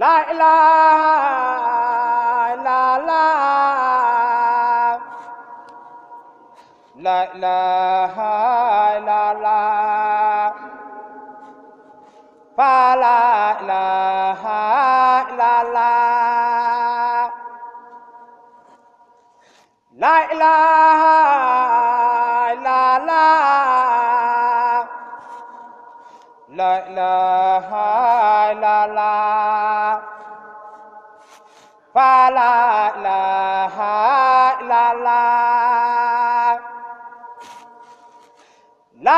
la ilaha illa allah la ilaha illa allah fa la ilaha illa allah la ilaha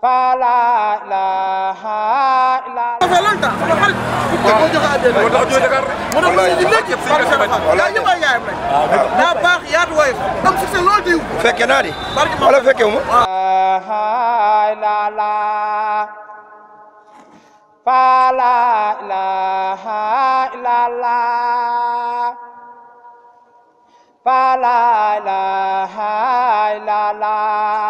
fala ilaha illa Allah lanta sama xarit ko ko joxe adé mo tax joxe Dakar mo tax ñu nekk yëpp ci sama da ñu bay yaayam rek da baax yaatu way am succès lool di fekke naa di wala fekke wu ma la la fala ilaha illa Allah fala ilaha illa Allah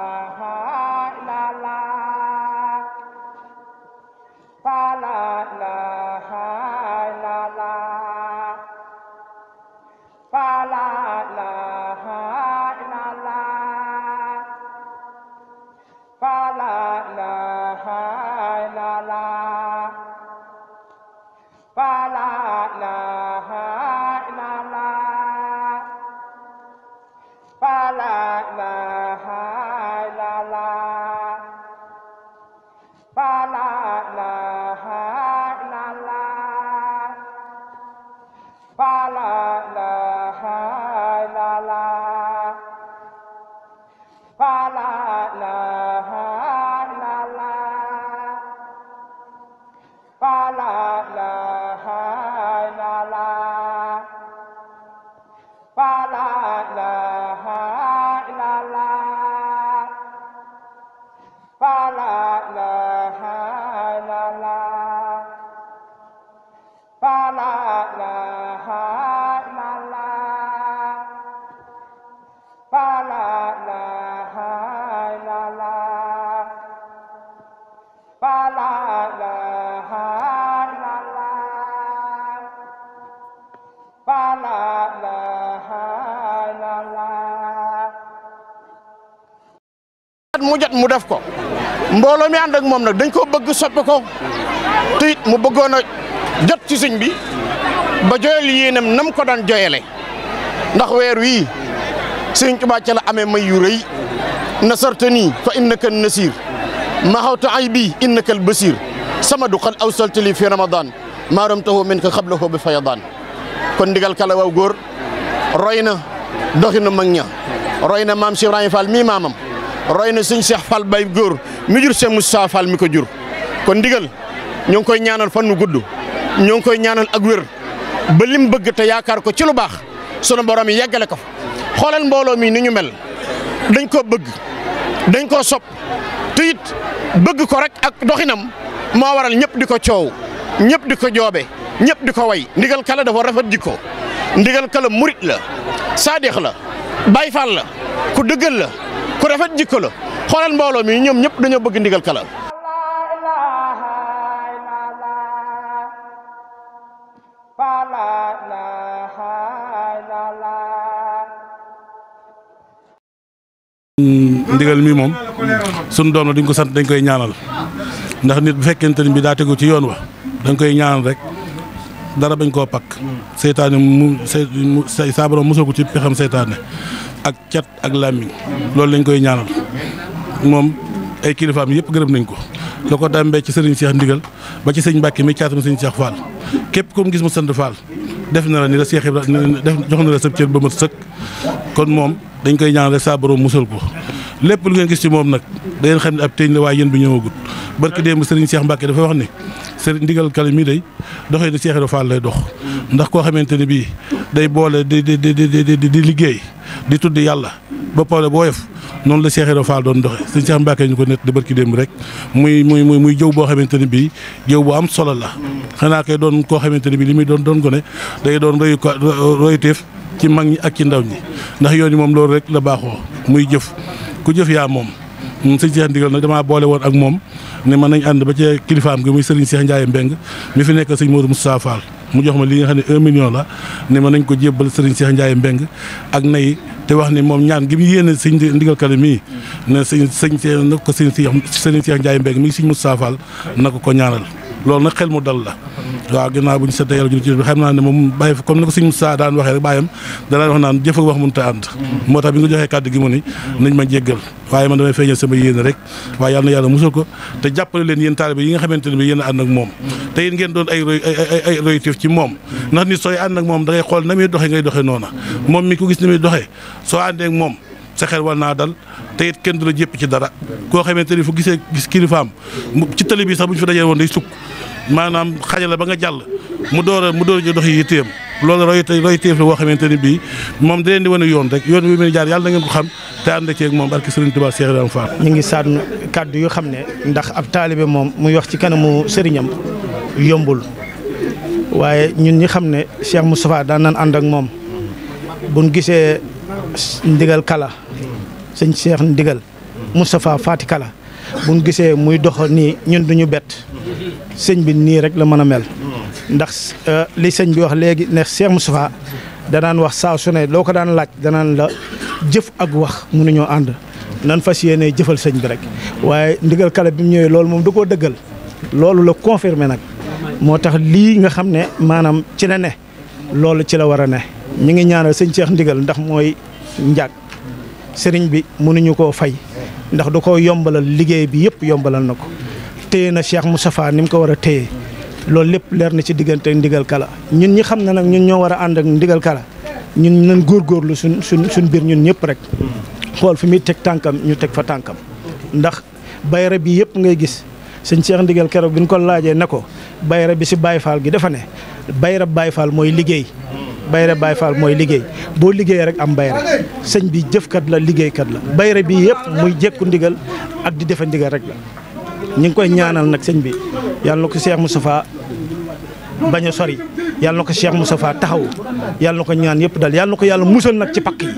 mu jot mu def ko mbooloo mi ànd ak moom nag dañ koo bëgg soppi ko te mu bëggoon jot ci sëñ bi ba joyal yéenam nam ko daan joyale ndax weer wii sëñ Tuubaa ca la amee may yu rëy nasartani fa innaka ma xawta ay bi innaka al basir sama duqal awsaltali fi ramadan maaram tahu min xabla xablahu bi fayadaan kon ndigal kala waw góor roy na doxinu mag ña roy na maam Cheikh Ibrahima Fall mii maamam roy na suñ Cheikh Fall bay góor mi jur Cheikh Moustapha Fall mi ko jur kon ndigal ñoo ngi koy ñaanal fan nu gudd ñoo ngi koy ñaanal ak wér ba lim bëgg te yaakaar ko ci lu baax sunu borom yi yeggale ko xoolal mbooloo mi ni ñu mel dañ koo bëgg dañ koo sob te bëgg ko rek ak doxinam moo waral ñëpp di ko coow ñëpp di ko joobe ñépp di ko way ndigal kala dafa rafet jikko ndigal kala murit la saadix la baay faal la ku dëggal la ku rafet jikko la xoolal mbooloo mi ñoom ñëpp dañoo bëgg ndigal kala ndigal mi moom sunu doon la duñ ko sant dañ koy ñaanal ndax nit bu fekkente ni bi daa tegu ci yoon wa dañ koy ñaanal rek dara bañ koo pakk seytaane mu say saa borom mosoo ko ci pexam seytaane ak cat ak làmmiñ loolu lañ koy ñaanal moom ay kilifaam yëpp gërëm nañ ko la ko dàmbee ci sëriñ Cheikh ndigal ba ci sëñ Mbàkke mi caatum sëñ Cheikh Fall képp ku mu gis mu sant Fall def na la ni la Cheikh Ibrahima def jox na la sëb cër ba mat sëkk kon moom dañ koy ñaanal rek saa borom musal ko lépp lu ngeen gis ci moom nag da xam ne ab teeñ la waaye yéen bi ñëwagut barki démb Serigne Cheikh Mbacke dafa wax ne Serigne ndigal kale mii day doxe di Cheikh Ibra Fall lay dox ndax koo xamante ne bii day boole di di di di liggéey di tudd yàlla ba boo booyef noonu la Cheikh Ibra Fall doon doxe Serigne Cheikh Mbacke ñu ko net di barki démb rek muy muy muy muy jëw boo xamante ne bii jëw bu am solo la xanaa kay doon koo xamante ne bii li muy doon doon gone day doon royu royuteef ci mag ñi ak ci ndaw ñi ndax yoon yi moom loolu rek la baaxoo muy jëf ku jëf yaa moom sëñ Cheikh Ndigal nag damaa boole woon ak moom ne man nañ ànd ba ci kilifaam gi muy Serigne Cheikh Ndiaye Mbeng mi fi nekk sëñ Modou Moustapha Fall mu jox ma li nga xam ne un million la ne ma nañ ko jébbal Serigne Cheikh Ndiaye Mbeng ak nay te wax ni moom ñaan gi mu yéene sëñ ndigal kale mii ne sëñ sëñ na ko sëñ Cheikh Serigne Cheikh Ndiaye Mbeng mi sëñ Moustapha Fall na ko ko ñaanal loolu na xel mu dal la waaw ginnaaw bu ñu seetee yàlla jur ci bi xam naa ne moom bàyyi comme ni ko suñu saa daan waxee rek bàyyam danaa wax naan jëf ak wax mënut a ànd moo tax bi nga joxee kàddu gi mu ni nañ ma jéggal waaye man damay feeñal sama yéene rek waaye yàlla na yàlla musal ko te jàppale leen yéen taalibe yi nga xamante ne bi yéen a ànd ak moom te yéen ngeen doon ay roy ay ci moom ndax nit sooy ànd ak moom da xool na muy doxee ngay doxee noona moom mi ko gis ni muy doxee soo àndee ak moom sa xel war naa dal te kenn du la jëpp ci dara koo xamante ni fu gisee gis kilifaam ci tëli bi sax bu ñu fa dajee woon day sukk maanaam xajala ba nga jàll mu door a mu door a dox yi téyam loolu roy roy téef la boo xamante ni bii moom da leen di wane yoon rek yoon bi muy jaar yàlla na ngeen ko xam te ànd ceeg moom barke Serigne Touba Cheikh Ibrahima Fall ñu ngi sànn kàddu yu xam ne ndax ab taalibe moom muy wax ci kanamu sëriñam yombul waaye ñun ñi xam ne Cheikh Moustapha daan naan ànd ak moom buñ gisee ndigal kala sëñ seex ndigal Moustapha Fati kala bu ñu gisee muy dox nii ñun duñu bett sëñ bi nii rek la mën a mel ndax euh, li sëñ bi wax léegi ne Cheikh Moustapha danaan wax saa su ne loo ko daan laaj danaan la jëf ak wax mënuñoo ànd nan fas yéene jëfal sëñ bi rek waaye ndigal kala bi mu ñëwee loolu moom da koo dëggal loolu la confirmer nag moo tax lii nga xam ne maanaam ci la ne loolu ci la war a ne ñu ngi ñaanal sëñ Cheikh ndigal ndax mooy njaag sëriñ bi mënuñu koo fay ndax du ko yombalal liggéey bi yëpp yombalal na ko téye na Cheikh safaan ni mu ko war a téye loolu lépp leer na ci diggante ndigal kala ñun ñi xam na nag ñun ñoo war a ànd ak ndigal kala ñun nañ góorgóorlu suñ suñ suñ biir ñun ñëpp rek xool fi muy teg tànkam ñu teg fa tànkam ndax bayra bi yëpp ngay gis sëñ Cheikh ndigal keroog bi ñu ko laajee ne ko bayra bi si Baye Fall gi dafa ne bayra Baye Fall mooy liggéey bayre Baye Fall mooy liggéey boo liggéey rek am bayre sëñ bi jëfkat la liggéeykat la bayre bi yëpp muy jekku ndigal ak di defe ndigal rek la ñu ngi koy ñaanal nag sëñ bi yàlla na ko Cheikh Moustapha bañ a sori yàlla na ko mu Moustapha taxaw yàlla na ko ñaan yëpp dal yàlla na ko yàlla musal nag ci pakk yi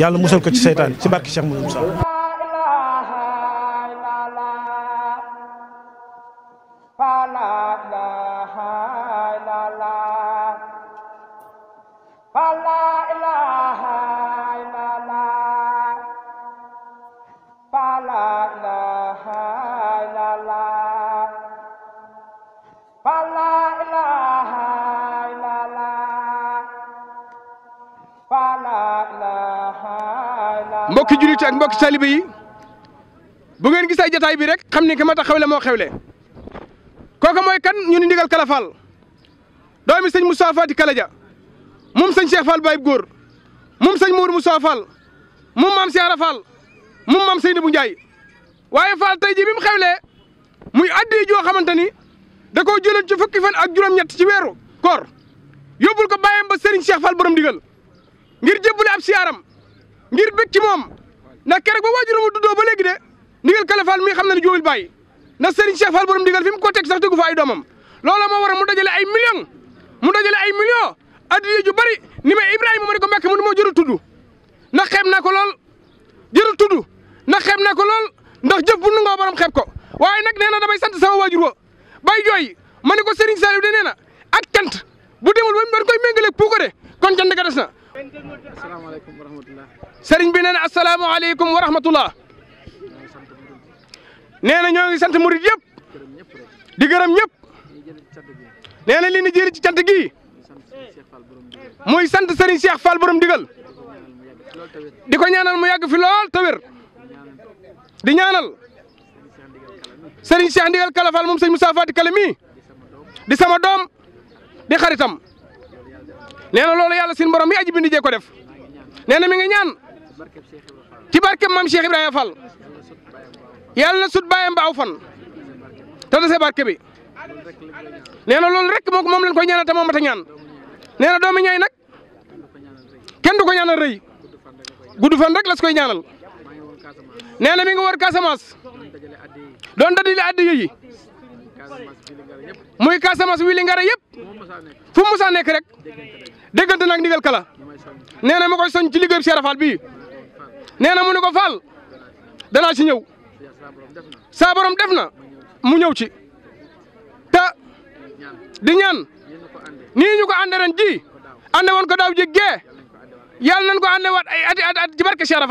yàlla musal ko ci seytaan ci barke mu Moustapha mbokki jullit ak mbokki talibe yi bu ngeen gisee jataay bi rek xam ni ki ma tax xewle moo xewle kooku mooy kan ñu ni ndigal Kala Fall doomi sëñ Moussa Fati Kala ja moom sëñ Cheikh Fall Baye Góor moom sëñ Mour Moussa Fall moom maam Cheikh Fall moom maam Ndiaye waaye Fall tey jii bi mu xewlee muy addi joo xamante ni da koo jëloon ci fukki fan ak juróom-ñett ci weeru koor yóbbul ko bàyyam ba Serigne Cheikh Fall borom ndigal ngir jébbale ab siyaaram ngir bëgg ci moom ndax keroog ba waajuram mu duddoo ba léegi de ndigal Kala Fall mi xam na ne juumul bàyyi ndax Serigne Cheikh Fall borom fi mu ko teg sax tegu fa ay doomam loola moo waral mu dajale ay million mu dajale ay million addiya ju bari ni may Ibrahima ma ko Mbàkke mu ne moo jërul tudd ndax xeeb naa ko lool jërul tudd ndax xeeb naa ko lool ndax jëf bu nungoo borom xeeb ko waaye nag nee na damay sant sama waajur wa bay jooy ma ne ko Serigne Saliou de nee na ak cant bu demul ba dañ koy méngaleeg puukare kon cant ga des na asalaamaaleykum sëriñ bi nee na asalaamaaleykum wa rahmatulah. nee na sant murid yëpp. di gërëm ñëpp. nee li ñu jëri ci cant gi. muy sant sëriñ Cheikh Fall borom digal. di ko ñaanal mu yàgg fi lool te wér. di ñaanal. sëriñ Cheikh ndigal kala Fall moom sëñ Moussa Fati kala mii. di sama doom di xaritam. nee na loolu yàlla suñu boro mi aji jee ko def nee na mi nga ñaan ci barkeb maam Cheikh Ibrahima Fall yàlla na sut bàyyam baaw fan te dese barke bi nee na loolu rek moom lañ koy ñaanal te moom mata ñaan nee na doomi ñaay nag kenn du ko ñaanal rëy gudd fan rek las koy ñaanal nee na mi ngi war Casamance doon dadile addiya yi muy Casamance wili ngara yëpp fu mu nekk rek déggante nag ndigal kala nee na ma koy soñ ci liggéeyu Cheikh Fall bii nee na mu ne ko Fall danaa ci ñëw saa borom def na mu ñëw ci te di ñaan nii ñu ko àndee ren ji ànde woon ko daaw ji gee yàlla nañ ko ànde waat ay ati at ci barke Cheikh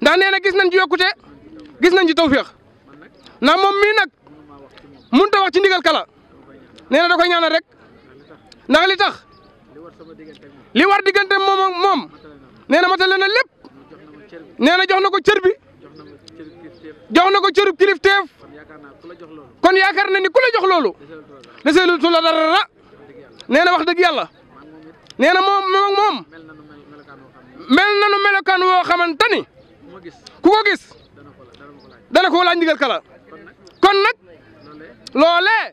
ndax nee na gis nañ ci yokkute gis nañ ci tawféex ndax moom mii nag mënut a wax ci ndigal kala nee na koy ñaanal rek ndax li tax. li war diggante moom ak moom nee na matale na lépp nee na jox na ko cër bi jox na ko cërub kilifteef kon yaakaar na ni ku la jox loolu deseelu tu la dara nee na wax dëgg yàlla nee na moom moom moom mel na nu melokaan woo xamante ni ku ko gis dana ko laaj ndigal kala kon nag loolee.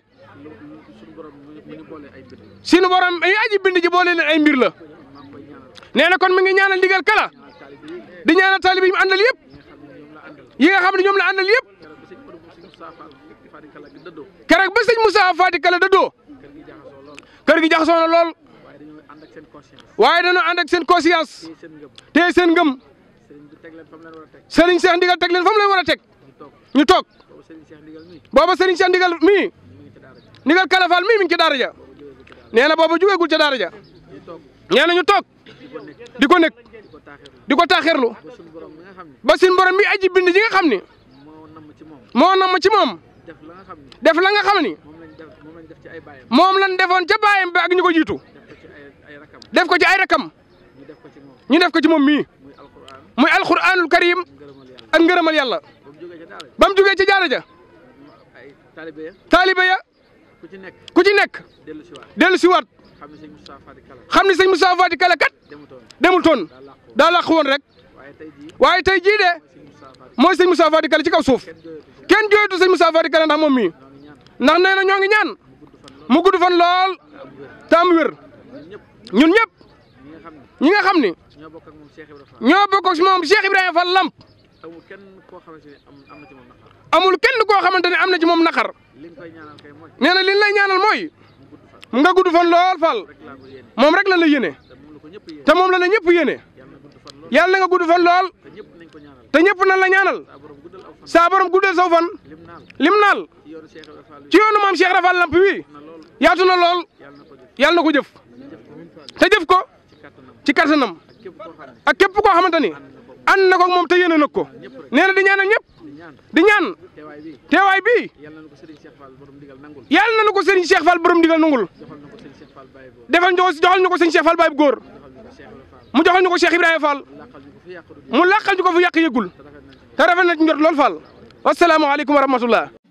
sunu borom ay aji bind ji boole leen ay mbir la nee na kon mi ngi ñaanal ndigal kala di ñaanal taalibe yi mu àndal yëpp yi nga xam ne ñoom la àndal yëpp keroog ba sëñ Moussa Fati Kala dëddoo kër gi jaxasoo na lool waaye dañoo ànd ak seen conscience tey seen ngëm sëriñ Cheikh Ndigal teg leen fa mu war a teg ñu toog booba sëriñ Cheikh Ndigal mii Ndigal Kala Fall mii mi ngi ci daara ja nee na boobu jugeegul ca daara ja nee na ñu toog di ko nekk di ko taaxirlu ba suñ borom mi aji bind ji nga xam ni moo nam ci moom def la nga xam ni moom lañ defoon ca baayam bi ak ñu ko jiitu def ko ci ay rakam ñu def ko ci moom mii muy alquranul karim ak ngërëmal yàlla ba mu jugee ca daara ja taalibe ya ku ci nekk ku ci nekk dellu si waat xam ne sëñ Moustapha Fati Kala kat demul toon daa làq woon rek waaye tey jii de mooy sëñ Moustapha Fati Kala ci kaw suuf kenn jooytu sëñ Moustapha Fati Kala ndax moom mii ndax nee na ñoo ngi ñaan mu gudd fan lool te am wér ñun ñëpp ñi nga xam ni ñoo bokk ak moom Cheikh Ibrahima Fall lamp amul kenn koo xamante ne am na ci moom amul kenn koo xamante ne am na ci moom naqar nee na liñ lay ñaanal mooy nga gudd fan lool fal moom rek la la yéene te moom la la ñëpp yéene yàlla nga gudd fan lool te ñëpp nan la ñaanal saa borom guddal saw fan lim naal ci yoonu maam Cheikh Rafal Lamp wi yaatu na lool yàlla na ko jëf te jëf ko ci kattanam ak képp koo xamante ni ànd na ko moom te yéene na ko nee na di ñaanal ñëpp. di ñaan teewaay bii yàlla na ko Serigne Cheikh Fall borom digal nangul yàlla na ko Serigne Cheikh Fall borom digal nangul defal ñu ko joxal ñu ko Serigne Cheikh Fall Baye góor mu joxal ñu ko Cheikh fal Fall mu làqal ñu ko fu yàq yëggul te rafet na ci njort lool fal wasalaamaaleykum wa rahmatullah